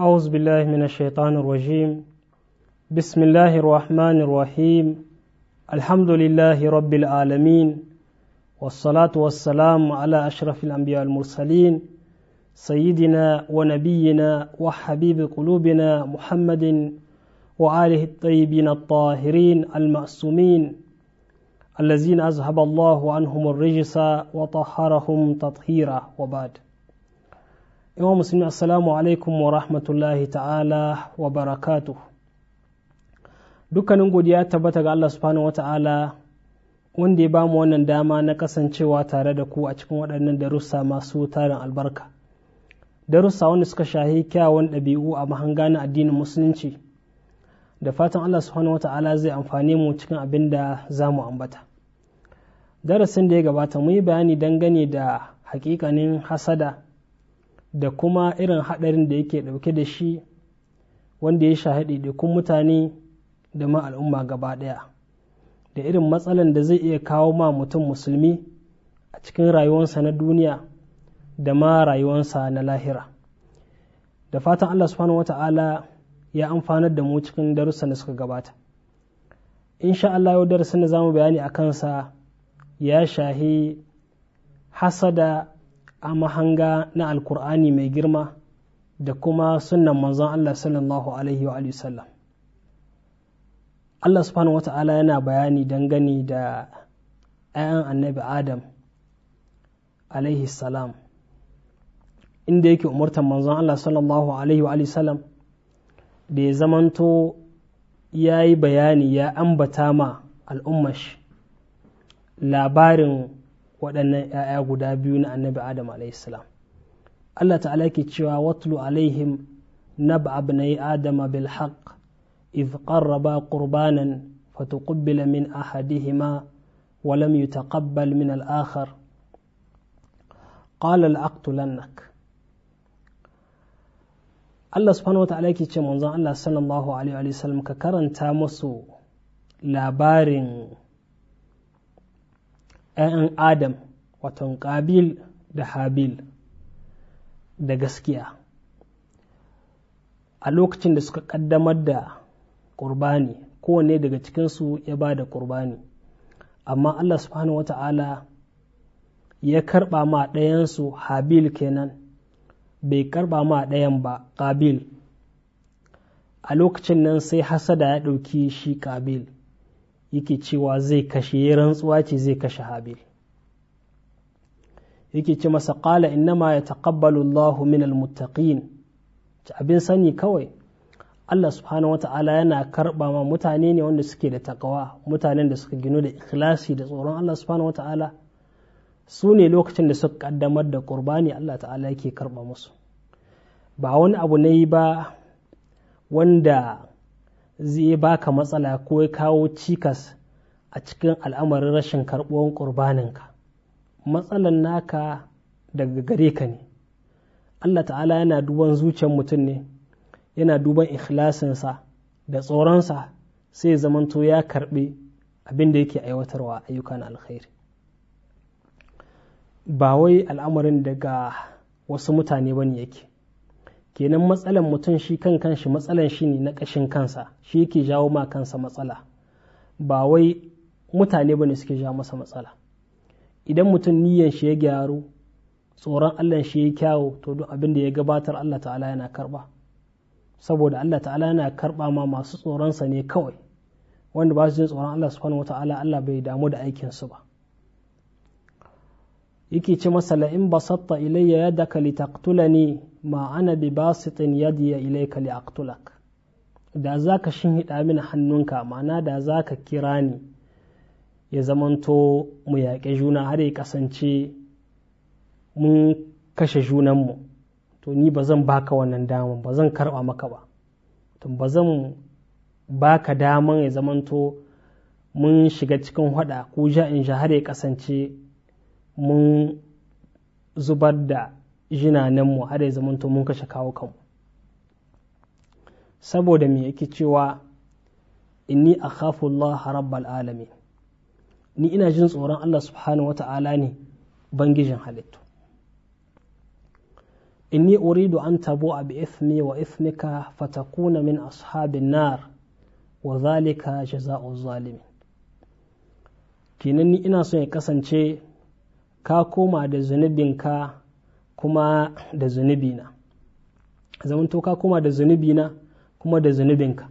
أعوذ بالله من الشيطان الرجيم بسم الله الرحمن الرحيم الحمد لله رب العالمين والصلاة والسلام على أشرف الأنبياء المرسلين سيدنا ونبينا وحبيب قلوبنا محمد وآله الطيبين الطاهرين المأسومين الذين أذهب الله عنهم الرجس وطهرهم تطهيرا وبعد yawan musulmi assalamu alaikum wa rahmatullahi ta'ala wa barakatu dukkanin godiya tabbata ga Allah subhanahu wa wanda ya bamu wannan dama na kasancewa tare da ku a cikin waɗannan darussa masu tarin albarka darussa wanda suka shahi kyawun ɗabi'u a mahanga na addinin musulunci da fatan Allah subhanahu wa zai amfane mu cikin abin da za mu ambata darasin da ya gabata mu yi bayani dangane da hakikanin hasada da kuma irin haɗarin da yake ɗauke da shi wanda ya shahidi kun mutane da ma al'umma gaba ɗaya da irin matsalan da zai iya kawo ma mutum musulmi a cikin rayuwarsa na duniya da ma rayuwarsa na lahira da fatan allah subhanahu wata'ala ya amfanar da mu cikin darussan da suka gabata insha allah yau darasin da zamu bayani a kansa ya shahi hasada a mahanga na alkur'ani mai girma da kuma sunan manzon Allah sallallahu alaihi wa sallam Allah subhanahu wata'ala yana bayani dangane da 'ya'yan annabi Adam alaihi salam inda yake umurtan manzon Allah sallallahu alaihi wa sallam da ya zamanto ya yi bayani ya ambata ma al'ummash labarin waɗannan ‘ya'ya guda biyu na annabi adam alaihissalam Allah ta'ala ke cewa watlu alaihim na abnai adam bil haqq iz fa qurbanan fatuqbila min ahadihima wa lam yutaqabbal min al'akhar akhar qala al-aqtulannak Allah subhanahu wa ta'ala ce manzon Allah sallallahu alaihi wa sallam ka karanta masu labarin ‘ya'yan Adam, watan Ƙabil da Habil da gaskiya. A lokacin da suka ƙaddamar da ƙurbani, kowanne daga cikinsu ya ba da ƙurbani, amma Allah subhanahu wata'ala ya karɓa ma ɗayansu Habil kenan, bai karɓa ma ɗayan ba, Ƙabil. A lokacin nan sai hasada ya ɗauki shi Ƙabil. yake cewa zai kashe ya rantsuwa ce zai kashe habil yake ce masa ƙala innama taƙabbalu Allahu min almuttaqin ta abin sani kawai Allah subhanahu ta'ala yana karɓa ma mutane ne wanda suke da taƙawa mutanen da suka gino da ikhlasi da tsoron Allah subhanahu ta'ala su ne lokacin da suka ƙaddamar da qurbani Allah ta'ala yake karɓa musu ba wani abu ne ba wanda zai baka matsala ko ya kawo cikas a cikin al'amarin rashin karɓuwan ƙurbaninka matsalan naka daga gare ka ne Allah ta'ala yana duban zuciyar mutum ne yana duban ikhlasinsa da tsoronsa sai zamanto ya karɓi abin da yake aiwatarwa ayyukan alkhairi ba wai al'amarin daga wasu mutane ba ne yake kenan matsalan mutum shi kan kanshi matsalan shi ne na ƙashin kansa shi yake jawo ma kansa matsala ba wai mutane ba ne suke jawo masa matsala idan mutum niyan shi ya gyaru tsoron allah shi ya kyawo to duk abin da ya gabatar allah ta'ala yana karba saboda allah ta'ala yana karba ma masu tsoronsa ne kawai wanda ba su jin tsoron allah subhanahu wa ta'ala allah bai damu da aikinsu ba yake ce masa la'in basatta ilayya yadaka litaqtulani ma ana bi basitin yadiya ilayka liaqtulak da zaka hida mini hannunka ma'ana da zaka kira ni ya zamanto mu yaƙe juna har ya kasance mun kashe junanmu to ni ba zan baka wannan daman ba zan karɓa maka ba to ba zan baka daman ya zamanto mun shiga cikin hada ko ja in ja har ya kasance mun zubar da jinanenmu har ya zamanto mun kashe kawo kanmu saboda me yake cewa inni a khafullah rabbal alamin ni ina jin tsoron Allah subhanahu wata'ala ne bangijin halittu inni uridu an tabo a bi ismi wa ismika fatakuna min ashabin nar wa zalika jaza'u zalimin kenan ni ina son ya kasance ka koma da zunubinka kuma da zunubina zamanto ka koma da zunubina kuma da zunubinka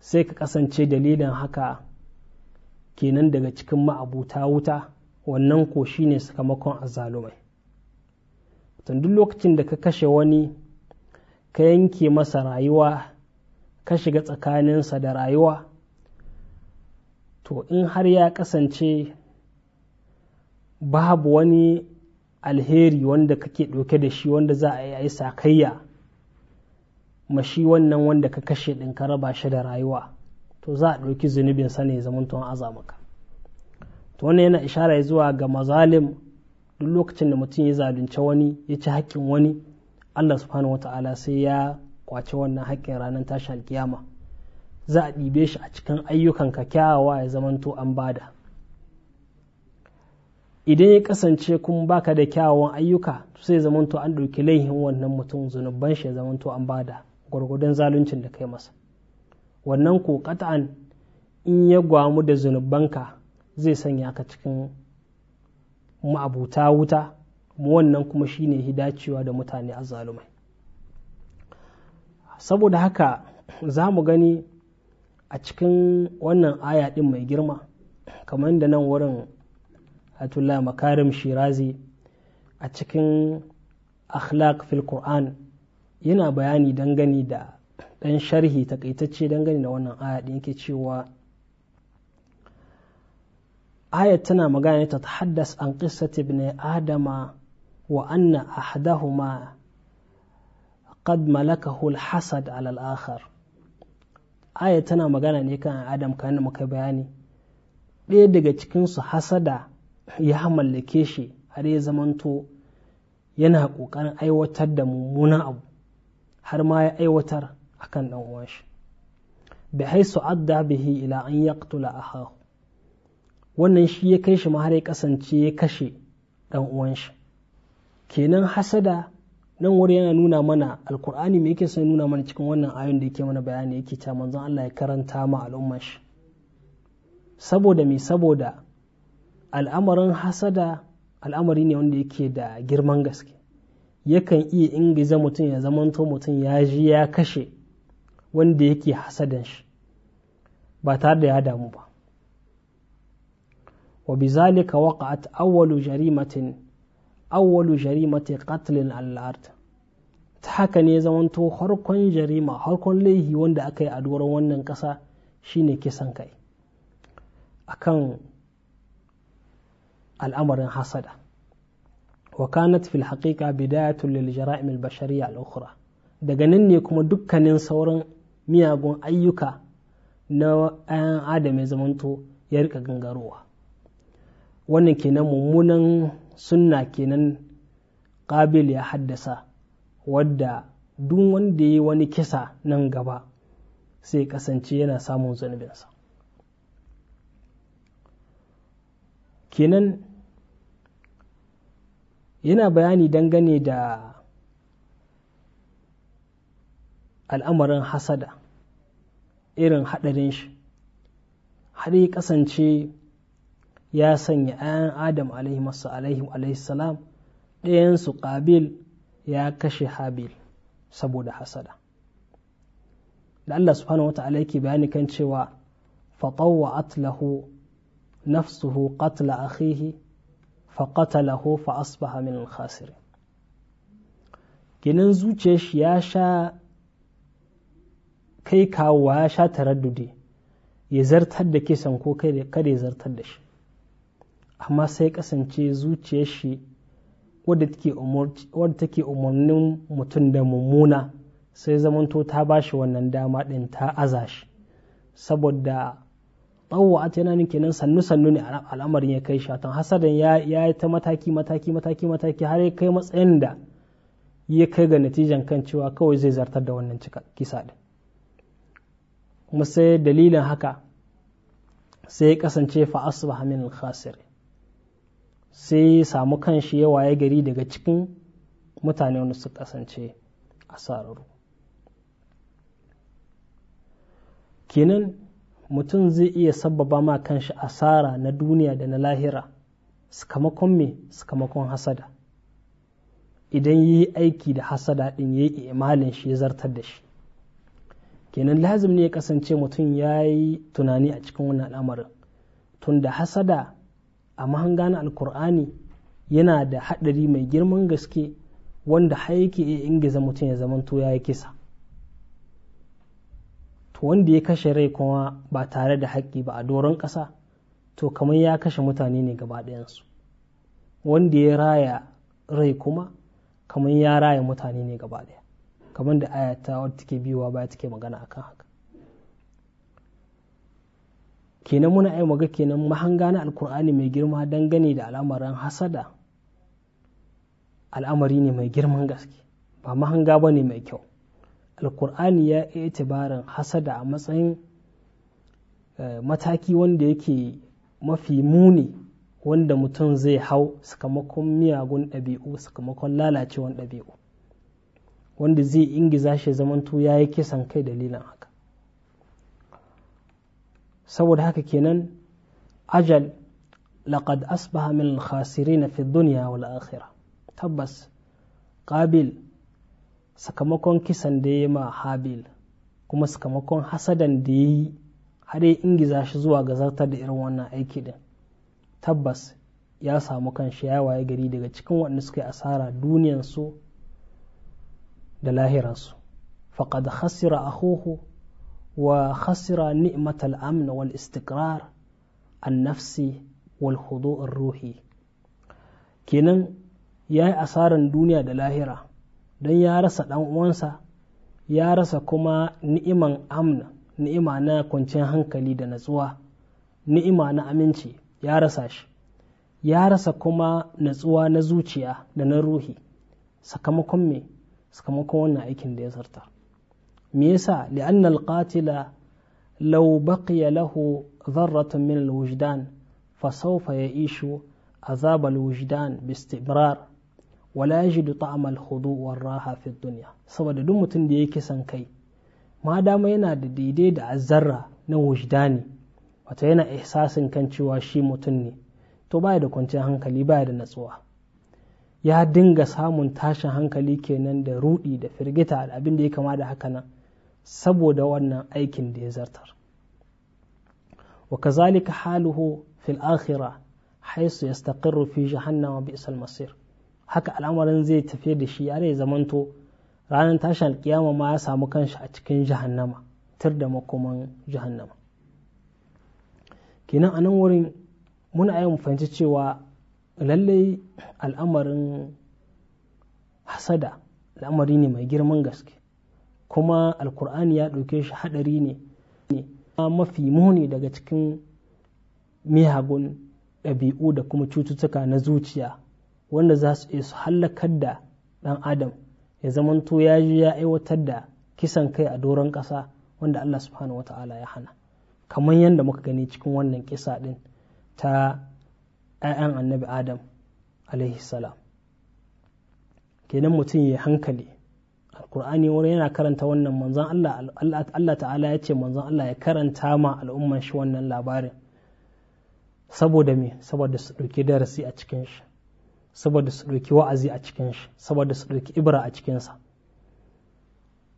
sai ka kasance dalilin haka kenan daga cikin ma'abuta wuta wannan ko ne sakamakon azalumai Tundun lokacin da ka kashe wani ka yanke masa rayuwa ka shiga tsakaninsa da rayuwa to in har ya kasance babu wani alheri wanda kake ɗauke da shi wanda za a yi sakayya ma shi wannan wanda ka kashe ɗin ka raba shi da rayuwa to za a ɗauki zunubin sa ne zaman tuwon aza to wannan yana ishara zuwa ga mazalim duk lokacin da mutum ya zalunce wani ya ci haƙƙin wani Allah subhanahu wata'ala sai ya kwace wannan haƙƙin ranar tashin alkiyama za a ɗibe shi a cikin ayyukan ka kyawawa ya zamanto an bada idan ya kasance kuma baka da kyawawan ayyuka sai zamanto an ɗauki laihin wannan mutum zunuban shi zamanto an bada gwargwadon zaluncin da kai masa wannan ko kata'an in ya gwamu da ka zai sanya ka cikin ma'abuta wuta mu wannan kuma shine hidacewa da mutane azzalumai saboda haka za mu gani a cikin wannan aya ɗin mai girma kamar da nan wurin atullah makarim shirazi a cikin akhlaq fil qur'an yana bayani dangane da ɗan sharhi takaitacce dangane da wannan aya da yake cewa aya tana magana ta tahaddas an qissati ibn adama wa anna ahdahuma qad malakahu al-hasad ala al-akhar aya tana magana ne kan adam kan muka bayani ɗaya daga cikinsu hasada ya mallake shi har ya zamanto yana kokarin aiwatar da mummunan abu har ma ya aiwatar a kan uwan shi haisu adda bihi ila an a ahahu wannan shi ya kai shi ma har ya kasance ya kashe ɗan'uwanshi. shi kenan hasada nan wuri yana nuna mana alkur'ani me yake son nuna mana cikin wannan ayon da yake mana bayani yake ta manzon Allah ya karanta ma al'ummar shi saboda me saboda al'amarin hasada al'amari ne wanda yake da girman gaske yakan iya ingiza mutum ya zamanto mutum ya ji ya kashe wanda yake hasadan shi ba tare da ya damu ba wa bizalika waqa'at awwalu jarimatin awwalu jarimati qatlin al-ard ta haka ne zamanto harkon jarima harkon laihi wanda aka yi a doron wannan ƙasa shine kisan kai akan al'amarin hasada wa kanat fil haqiqa bidayatun lil jara'im al bashariyya al ukhra daga nan ne kuma dukkanin sauran miyagun ayyuka na ayan adam ya zamanto ya rika gangarowa wannan kenan mummunan sunna kenan qabil ya haddasa wadda duk wanda ya yi wani kisa nan gaba sai kasance yana samun zunubinsa kenan yana bayani dangane da al'amarin hasada irin haɗarin shi har ya kasance ya sanya ‘ya'yan adam alaihissalam ɗayansu ƙabil ya kashe habil saboda hasada da Allah subhanahu wa ta'ala yake bayani kan cewa faƙawwa atlahu nafsuhu qatla akhihi faƙatalahu fa asbaha min khasiri ginin zuciya shi ya sha kai kawowa ya sha taraddudi ya zartar da kisan ko kada ya zartar da shi amma sai kasance zuciyar shi wadda take umarnin mutum da mummuna sai zamanto ta ba shi wannan dama ɗin ta aza shi saboda a ta yana kenan sannu sannu ne al'amarin ya kai shatan hasadan ya ya ta mataki mataki mataki mataki har ya kai matsayin da ya kai ga natijan kan cewa kawai zai zartar da wannan kisa din kuma sai dalilin haka sai ya kasance fa asbaha min al-khasir sai ya samu kanshi ya waye gari daga cikin mutane wanda su kasance asararu kenan mutum zai iya sabbaba ma kanshi asara na duniya da na lahira sakamakon me sakamakon hasada idan yi aiki da hasada din yi imalin shi ya zartar da shi kenan lazim ne ya kasance mutum ya yi tunani a cikin wannan al'amarin da hasada a mahanga na alkur'ani yana da haɗari mai girman gaske wanda har yake iya ingiza mutum ya zamanto ya yi kisa to wanda ya kashe rai kuma ba tare da haƙƙi ba a doron ƙasa to kamar ya kashe mutane ne gaba ɗayansu wanda ya raya rai kuma kamar ya raya mutane ne gaba ɗaya kamar da ayata wadda take biyowa baya take magana a kan haka kenan muna ai maga kenan mahanga na alkur'ani mai girma dangane da al'amarin hasada al'amari ne mai girman gaske ba mahanga ba ne mai kyau alkur'ani ya itibarin hasada a matsayin eh, mataki wanda yake mafi muni wanda mutum zai hau sakamakon miyagun ɗabi'u sakamakon lalacewan ɗabi'u wanda zai ingiza shi zaman ya yi kisan kai dalilin haka saboda haka kenan ajal laqad asbaha min al-khasirin fi dunya wal akhirah tabbas qabil sakamakon kisan da ya yi ma habil kuma sakamakon hasadan da ya yi har ya ingiza shi zuwa ga zartar da irin wannan aiki din tabbas ya samu shayawa ya gari daga cikin waɗanda suka yi asara duniyansu da lahiransu faqad khasira akhuhu wa khasira ni'mat al-amn wal istiqrar an-nafsi wal khudu' ruhi kenan yayi asaran duniya da lahira don ya rasa ɗan uwansa ya rasa kuma ni'iman amna ni'ima na kwanciyar hankali da natsuwa ni'ima na aminci ya rasa shi ya rasa kuma natsuwa na zuciya da na ruhi sakamakon me sakamakon wannan aikin da ya zarta me yasa li'annal qatila law baqiya lahu dharratun min alwujdan fa sawfa ya'ishu azab al-wujdan bi istibrar wala yajidu ta'amal khudu war raha fi dunya saboda duk mutum da ya kisan kai ma dama yana da daidai da azzarra na wujdani wato yana ihsasin kan cewa shi mutum ne to baya da kwanciyar hankali baya da natsuwa ya dinga samun tashin hankali kenan da rudi da firgita da abin da ya kama da haka nan saboda wannan aikin da ya zartar wa kazalika haluhu fil akhirah haisu yastaqirru fi jahannama bi'sal masir haka al'amarin zai tafi da shi har ya zamanto ranar tashin alkiyama ma ya samu kanshi a cikin jahannama tur da makoman jahannama kenan anan wurin muna yin fahimci cewa lallai al'amarin hasada al'amari ne mai girman gaske kuma alkur'ani ya ɗauke shi haɗari ne mafi muni daga cikin miyagun ɗabi'u da kuma cututtuka na zuciya wanda za su iya su hallakar da ɗan adam ya zamanto ya ji ya aiwatar da kisan kai a doron ƙasa wanda Allah subhanahu wa ta'ala ya hana kamar yadda muka gani cikin wannan kisa ɗin ta 'ya'yan annabi adam alaihi salam kenan mutum ya hankali alkur'ani wurin yana karanta wannan manzan Allah Allah ta'ala ya ce manzan Allah ya karanta ma al'umman shi wannan labarin saboda me saboda su ɗauki darasi a cikin shi saboda su ɗauki wa'azi a cikin shi saboda su ɗauki ibra a cikinsa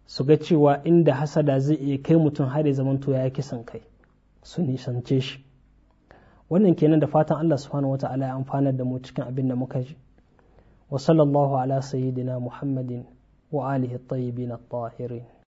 su ga cewa inda hasada zai iya kai mutum har ya zamanto ya kisan kai su nisance shi wannan kenan da fatan Allah subhanahu wata'ala ya amfana da mu cikin abin da muka ji wa sallallahu ala sayyidina muhammadin wa alihi tayyibin at-tahirin